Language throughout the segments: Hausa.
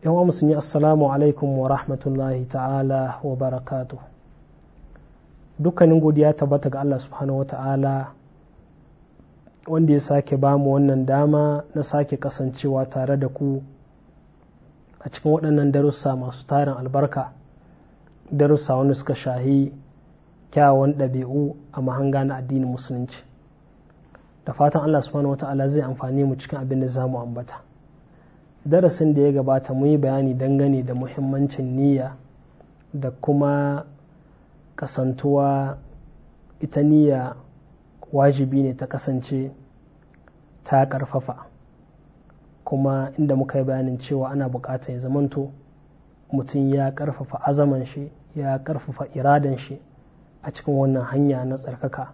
yan wa musulmi assalamu alaikum wa rahmatullahi ta'ala wa barakatu dukkanin godiya tabbata ga Allah subhanahu wa ta'ala wanda ya sake bamu wannan dama na sake kasancewa tare da ku a cikin waɗannan darussa masu tarin albarka darussa wanda suka shahi kyawawan ɗabi'u a mahanga na addinin musulunci da fatan Allah subhanahu wa ta'ala zai amfani mu cikin abin da za mu ambata darasin da ya gabata mu yi bayani dangane da muhimmancin niyya da kuma kasantuwa ita niyya wajibi ne ta kasance ta karfafa kuma inda muka yi bayanin cewa ana bukatar ya zamanto mutum ya karfafa azaman shi ya karfafa iradan shi a cikin wannan hanya na tsarkaka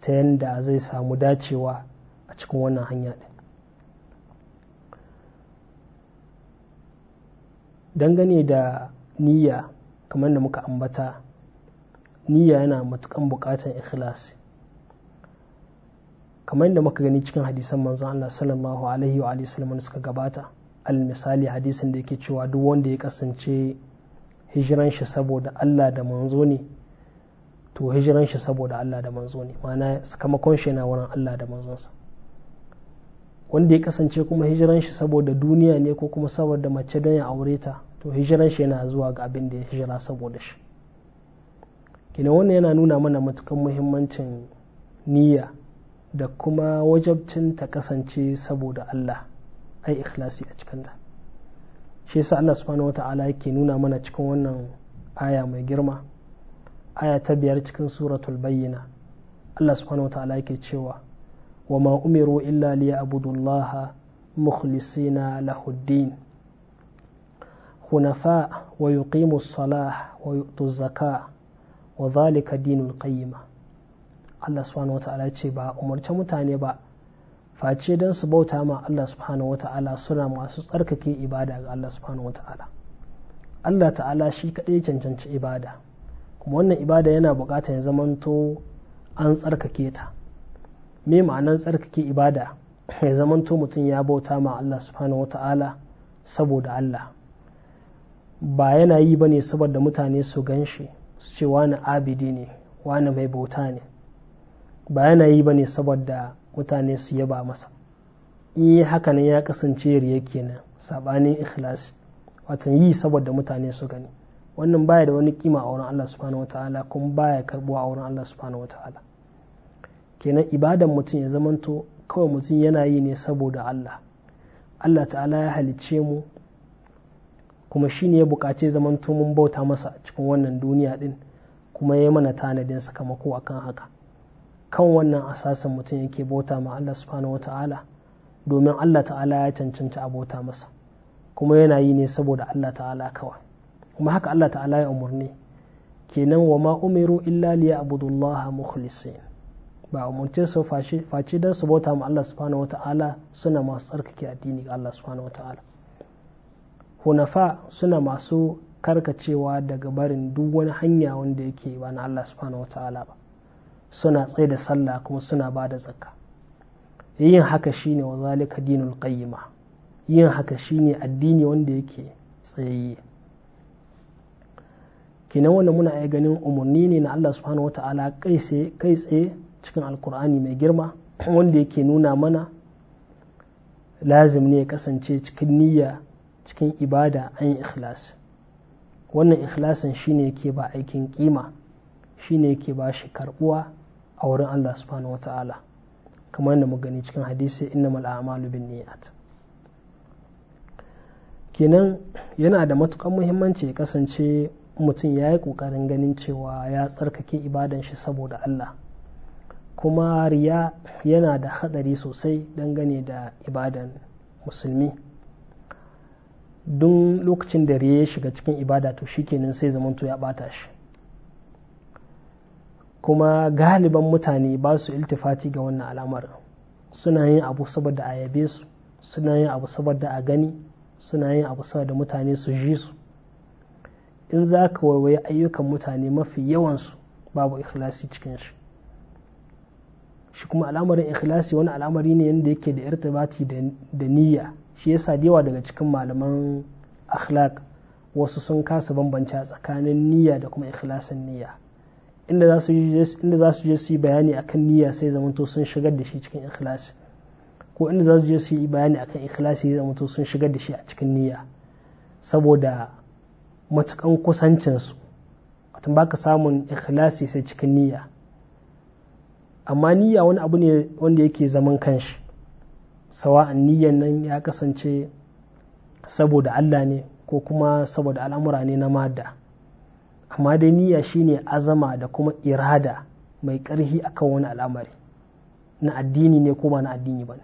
ta yadda zai samu dacewa a cikin wannan hanya ɗin dangane da niyya kamar da muka ambata niyya yana matukan bukatan ikhlas kamar da muka gani cikin hadisan manzon Allah sallallahu alaihi wa alihi sallam suka gabata al misali hadisin da yake cewa duk wanda ya kasance hijiran shi saboda Allah da manzo ne to hijiran shi saboda Allah da manzo ne ma'ana sakamakon shi yana wurin Allah da manzonsa wanda ya kasance kuma hijiran shi saboda duniya ne ko kuma saboda mace don ya aure ta to hijiran shi yana zuwa ga abin da ya hijira saboda shi gina wannan yana nuna mana matukan muhimmancin niyya da kuma wajabcin ta kasance saboda Allah ai ikhlasi a cikinta shi yasa Allah subhanahu wata'ala yake nuna mana cikin wannan aya mai girma aya ta biyar cikin suratul bayyina Allah subhanahu wata'ala yake cewa وما أمروا إلا ليعبدوا الله مخلصين له الدين حنفاء ويقيموا الصلاة ويؤتوا الزكاة وذلك دين القيمة Allah subhanahu ce ba umarci mutane ba face don su bauta ma Allah subhanahu suna masu tsarkake ibada ga Allah subhanahu Allah ta'ala shi kaɗai cancanci ibada kuma wannan ibada yana buƙatar ya zamanto an tsarkake ta me ma'anar tsarkake ibada ya zamanto mutum ya bauta ma Allah subhanahu wa ta'ala saboda Allah ba yana yi ba ne saboda mutane su gan shi su ce wani abidi ne wani mai bauta ne ba yana yi ba ne saboda mutane su yaba masa in eh, yi hakanan ya kasance riya kenan sabanin ikhlasi watan yi saboda mutane su gani wannan baya da wani kima a wurin Allah subhanahu ta'ala kuma baya karbuwa a wurin Allah subhanahu ta'ala. kenan ibadan mutum ya zamanto kawai mutum yana yi ne saboda Allah Allah ta'ala ya halicce mu kuma shi ne ya buƙace zamanto mun bauta masa cikin wannan duniya ɗin kuma ya mana tanadin sakamako akan haka kan wannan asasin mutum yake bauta ma Allah subhanahu wata'ala domin Allah ta'ala ya cancanta a bauta masa kuma yana yi ne saboda Allah ta'ala kawai kuma haka Allah ta'ala ya umarni kenan wa ma umiru illa liya abudullaha mukhlisin ba umarce su face don su bauta ma Allah subhanahu ta'ala suna masu tsarkake addini ga Allah subhanahu ta'ala hunafa suna masu karkacewa daga barin duk wani hanya wanda yake ba na Allah subhanahu ta'ala ba suna tsaye da sallah kuma suna ba da zakka yin haka shine wa zalika dinul qayyima yin haka shine addini wanda yake tsayayye kinan wannan muna iya ganin umarni ne na Allah subhanahu ta'ala kai tsaye cikin alkur'ani mai girma wanda yake nuna mana lazim ne ya kasance cikin niyya cikin ibada an yi ikhlas wannan ikhlasin shine yake ba aikin kima shine yake ba shi karbuwa a wurin Allah subhanahu wata'ala kamar da mu gani cikin hadisi innamal a'malu bin niyyat kenan yana da matukar muhimmanci ya kasance mutum ya yi ƙoƙarin ganin cewa ya tsarkake ibadan shi saboda Allah kuma riya yana da hadari sosai dangane da ibadan musulmi don lokacin da riya ya shiga cikin ibada to shikenan sai to ya bata shi kuma galiban mutane ba su iltifati ga wannan al'amar suna yin abu saboda a yabe su suna yin abu saboda a gani suna yin abu saboda mutane su ji su in za ka waiwayi ayyukan mutane mafi yawansu babu ikhlasi cikin shi shi kuma al'amarin ikhlasi wani al'amari ne yadda yake da irtibati da niyya shi yasa da yawa daga cikin malaman akhlaq wasu sun kasa bambance tsakanin niyya da kuma ikhlasin niyya inda za su je su yi bayani akan niyya sai zamanto sun shigar da shi cikin ikhlasi ko inda za su je su yi bayani akan ikhlasi sai zamanto sun shigar da shi a cikin niyya saboda matukan kusancinsu watan baka samun ikhlasi sai cikin niyya amma niyya wani abu ne wanda yake zaman kanshi sawa'an niyyan nan ya kasance saboda Allah ne ko kuma saboda al'amura ne na mada amma dai niyya shine azama da kuma irada mai ƙarfi akan wani al'amari na addini ne ko ba na addini ba ne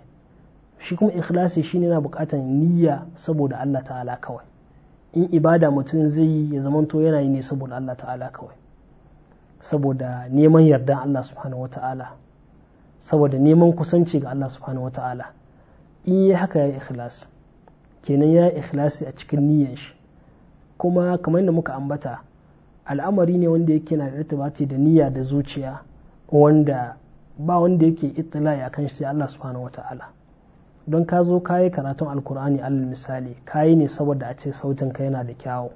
shi kuma ikhlasi shine yana bukatan niyya saboda Allah ta'ala kawai in ibada mutum zai yi ya zamanto yana yi ne saboda Allah ta'ala kawai saboda neman yardan Allah subhanahu wata'ala saboda neman kusanci ga Allah subhanahu wata'ala in yi haka ya yi ikhlas kenan ya yi ikhlasi a cikin niyyar shi kuma kamar da muka ambata al'amari ne wanda yake na da tibati da niyya da zuciya wanda ba wanda yake ya kan shi sai Allah subhanahu wata'ala don ka zo ka yi karatun alkur'ani alal misali ka yi ne saboda a ce sautin ka yana da kyawu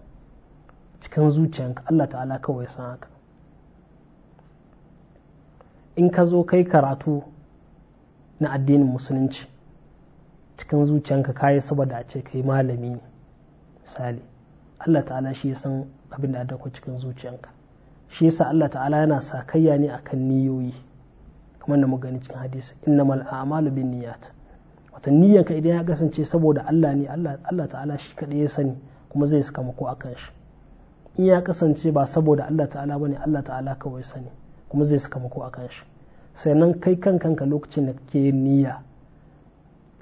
cikin zuciyanka Allah ta'ala kawai san haka in ka zo kai karatu na addinin musulunci cikin zuciyanka kayi saboda a ce kai malami ne misali Allah ta'ala shi ya san abin da adako cikin zuciyanka shi yasa Allah ta'ala yana sa kayya ne akan niyoyi kamar da gani cikin hadisi mal a'malu bin niyyat wata niyyanka idan ya kasance saboda Allah ne Allah ta'ala shi kadai ya sani kuma zai saka sakamako akan shi in ya kasance ba saboda Allah ta'ala bane Allah ta'ala kawai sani kuma zai saka mako kan shi sannan kai kan kanka lokacin da kake niyya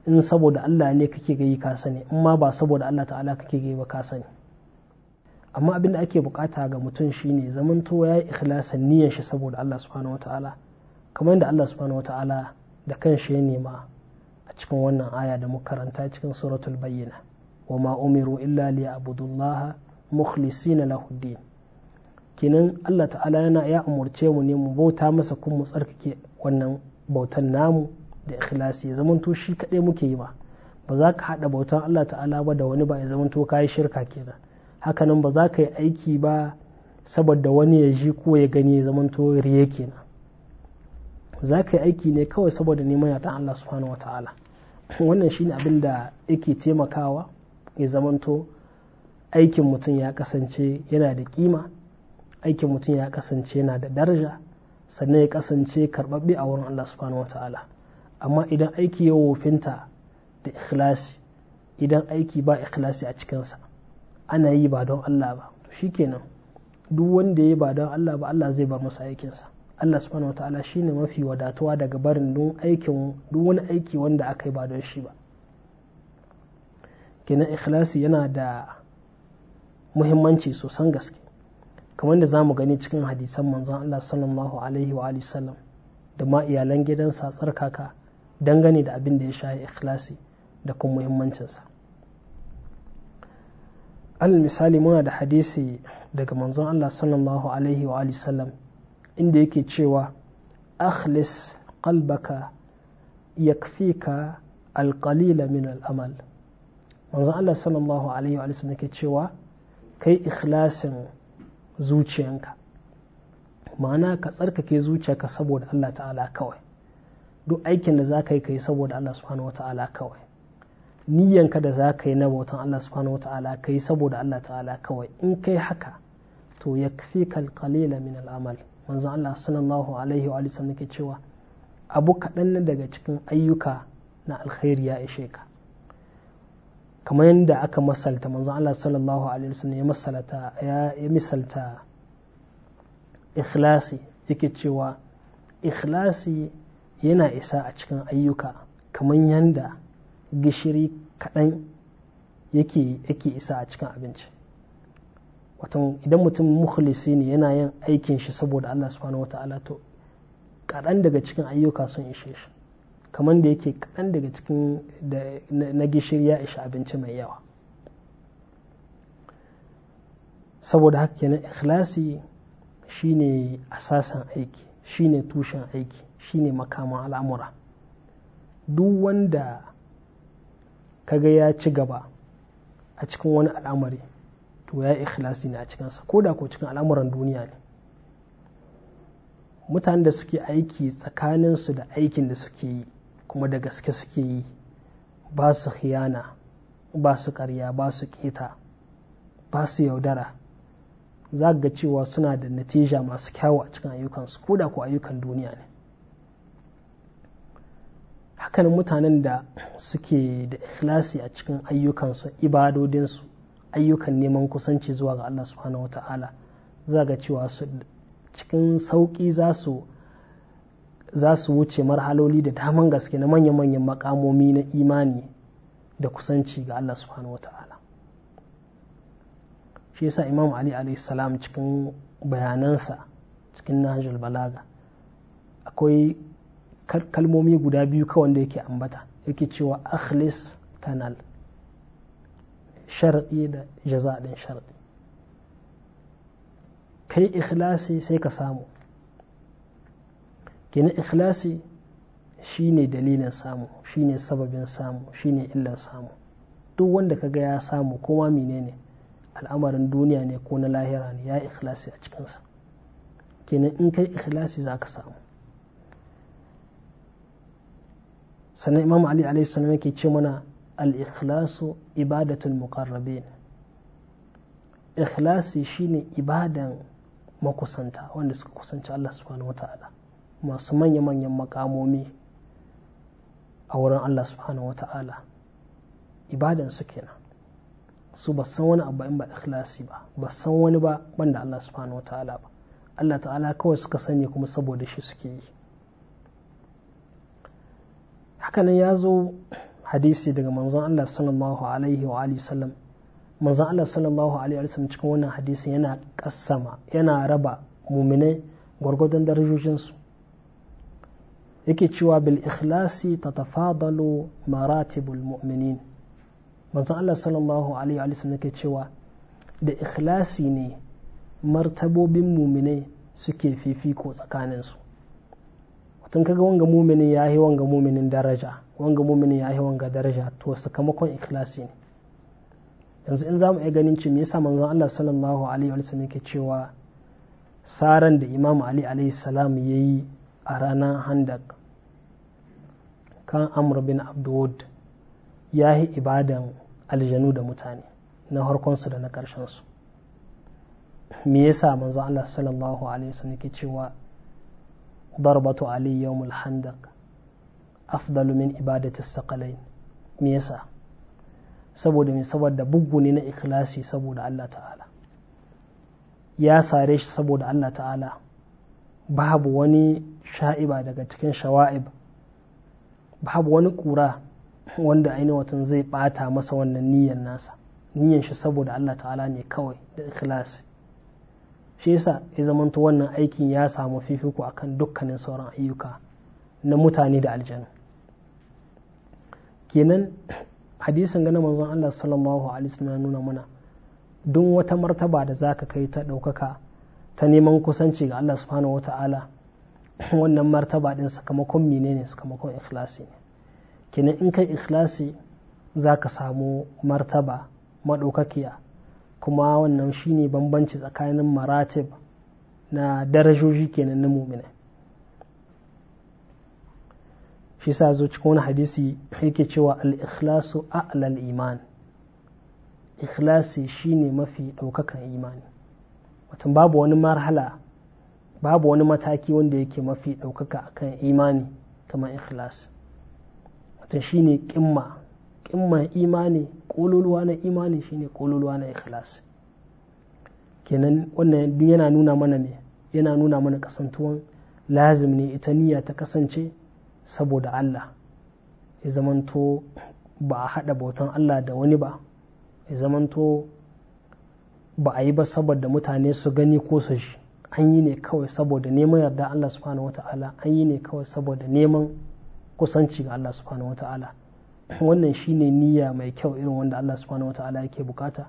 in saboda Allah ne kake gayi ka sani in ma ba saboda Allah ta'ala kake gayi ba ka sani amma abin da ake bukata ga mutum shine to ya yi ikhlasin niyyar shi saboda Allah subhanahu wataala kamar da Allah subhanahu wataala da kanshi ya nema a cikin wannan aya da muka karanta cikin suratul bayyina wa ma umiru illa liya'budullaha mukhlisina lahu din kenan Allah ta'ala yana ya umarce mu ne mu bauta masa kun mu tsarkake wannan bautan namu da ikhlasi ya zamanto shi kaɗai muke yi ba ba za ka haɗa bautan Allah ta'ala ba da wani ba ya zamanto ka yi shirka kenan hakanan ba za ka yi aiki ba saboda wani ya ji ko ya gani ya zamanto riye kenan za ka yi aiki ne kawai saboda neman yardan Allah subhanahu wataala wannan shine abin da yake taimakawa ya zamanto aikin mutum ya kasance yana da kima aikin mutum ya kasance yana da daraja sannan ya kasance karɓaɓɓe a wurin Allah subhanahu wata'ala amma idan aiki ya wofinta da ikhlasi idan aiki ba ikhlasi a cikinsa ana yi ba don Allah ba to shikenan duk wanda ya ba don Allah ba Allah zai ba masa aikinsa Allah subhanahu wata'ala shine mafi wadatuwa daga barin duk aikin duk wani aiki wanda aka yi ba don shi ba kenan ikhlasi yana da muhimmanci sosan gaske kamar da zamu gani cikin hadisan manzon Allah sallallahu alaihi wa alihi sallam da ma iyalan gidansa tsarkaka dangane da abin da ya shahi ikhlasi da kuma sa al misali muna da hadisi daga manzon Allah sallallahu alaihi wa alihi sallam inda yake cewa akhlis qalbaka yakfika alqalila min al'amal manzon Allah sallallahu alaihi wa alihi sallam yake cewa kai ikhlasin zuciyanka ma'ana ka tsarkake zuciyarka saboda Allah ta'ala kawai duk aikin da za ka yi ka yi saboda Allah subhanahu wa ta'ala kawai niyyanka da za ka yi na bautan Allah subhanahu wa ta'ala ka yi saboda Allah ta'ala kawai in kai haka to ya fi kalkalila min al'amal manzon Allah sallallahu alaihi wa sallam cewa abu kaɗan daga cikin ayyuka na alkhairi ya ishe ka kamar yadda aka masalta manzon Allah sallallahu alaihi wasallam ya masalta ya misalta ikhlasi yake cewa ikhlasi yana isa a cikin ayyuka kamar yadda gishiri kaɗan yake isa a cikin abinci watan idan mutum mukhlisi ne yana yin aikin shi saboda Allah subhanahu wataala to kaɗan daga cikin ayyuka sun ishe shi kamar da yake kaɗan daga cikin na gishiri ya ishi abinci mai yawa saboda haka kenan ikhlasi shine asasan aiki shine tushen aiki shine makaman al'amura duk wanda kaga ya ci gaba a cikin wani al'amari to ya ikhlasi ne a cikinsa ko da ko cikin al'amuran duniya ne mutanen da suke aiki tsakaninsu da aikin da suke yi kuma da gaske suke yi ba su khiyana ba su karya ba su keta ba su yaudara za ga cewa suna da natija masu kyawu a cikin ayyukansu ko da ko ayyukan duniya ne hakan mutanen da suke da ikhlasi a cikin ayyukansu ibadodinsu ayyukan neman kusanci zuwa ga Allah subhanahu wata'ala za ga cewa su cikin sauƙi za su za su wuce marhaloli da daman gaske na manya-manyan makamomi na imani da kusanci ga Allah subhanahu wata'ala shi yasa imam ali salam cikin bayanansa cikin nahajul balaga akwai kalmomi guda biyu kawai da yake ambata yake cewa akhlis tanal sharɗi da jaza ɗin kai ikhlasi sai ka samu gina ikhlasi shine dalilin samu shine sababin samu shine illan samu duk wanda ka ga ya samu kowa menene al'amarin duniya ne ko na lahira ne ya ikhlasi a cikinsa kenan in kai ikhlasi za ka samu sannan imam ali alaihi salam yake ce mana al-ikhlasu ibadatul muqarrabin ikhlasi shine ibadan makusanta wanda suka kusanci Allah subhanahu wata'ala masu manya-manyan makamomi a wurin Allah subhanahu wa ta'ala su kenan su ba san wani abu in ba ikhlasi ba ba san wani ba banda Allah subhanahu wa ta'ala ba Allah ta'ala kawai suka sani kuma saboda shi suke yi hakanan ya zo hadisi daga manzon Allah sallallahu alaihi wa alihi sallam manzon Allah sallallahu alaihi wa sallam cikin wannan hadisi yana kassama yana raba muminai gwargwadon darajojinsu yake cewa bil ikhlasi tatafadalu maratibul mu'minin manzon Allah sallallahu alaihi wa sallam yake cewa da ikhlasi ne martabobin muminai suke fifiko tsakanin su watan kaga wanga muminin yayi wanga muminin daraja wanga muminin yayi wanga daraja to sakamakon ikhlasi ne yanzu in zamu iya ganin ci me yasa manzon Allah sallallahu alaihi wa sallam yake cewa saran da imamu Ali alaihi salam yayi a ranar handak kan Amur bin abdulwud ya yi ibadan aljanu da mutane na harkonsu da na ƙarshensu me yasa manzo Allah sallallahu alaihi wasallam ke cewa darbatu ali yawmul handaq afdalu min ibadati saqalain me yasa saboda me saboda bugu ne na ikhlasi saboda Allah ta'ala ya sare shi saboda Allah ta'ala babu wani sha'iba daga cikin shawa'ib babu wani kura wanda ainihin watan zai bata masa wannan niyan nasa niyan shi saboda Allah ta'ala ne kawai da ikhlasi shi yasa ya zamanto wannan aikin ya samu fifiko akan dukkanin sauran ayyuka na mutane da aljanu kenan hadisin gana manzon Allah sallallahu alaihi wasallam nuna mana duk wata martaba da zaka kai ta daukaka ta neman kusanci ga Allah subhanahu wata'ala wannan martaba din sakamakon menene sakamakon ikhlasi kenan in kai ikhlasi za ka samu martaba maɗaukakiya kuma wannan shine bambanci tsakanin maratib na darajoji kenan na mumina shi sa zo cikin wani hadisi yake cewa al-ikhlasu a'lal iman ikhlasi shine mafi ɗaukakan imani watan babu wani marhala babu wani mataki wanda yake mafi ɗaukaka akan imani kamar ikhlas shi shine kimma kimma imani kololuwa na imani shine kololuwa na ikhlas kenan wannan yana nuna mana me yana nuna mana kasantuwan lazim ne ita niyya ta kasance saboda Allah ya zamanto ba a haɗa bautan Allah da wani ba ya zamanto ba a yi ba saboda mutane su gani ko su shi an yi ne kawai saboda neman yarda Allah subhanahu ta'ala an yi ne kawai saboda neman kusanci ga Allah subhanahu ta'ala wannan shine niyya mai kyau irin wanda Allah subhanahu ta'ala yake bukata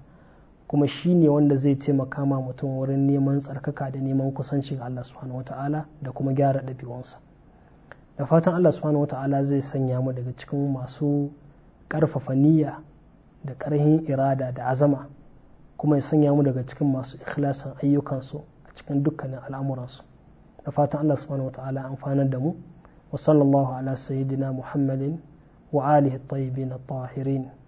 kuma shine wanda zai taimaka ma mutum wurin neman tsarkaka da neman kusanci ga Allah subhanahu ta'ala da kuma gyara ɗabi'unsa da fatan Allah subhanahu ta'ala zai sanya mu daga cikin masu ƙarfafa niyya da karhin irada da azama kuma ya sanya mu daga cikin masu ikhlasin ayyukansu cikin dukkanin al'amuransu da fatan Allah subhanahu wa ta'ala amfanar da mu wa sallallahu ala sayyidina muhammadin wa alihi at-tayyibin at-tahirin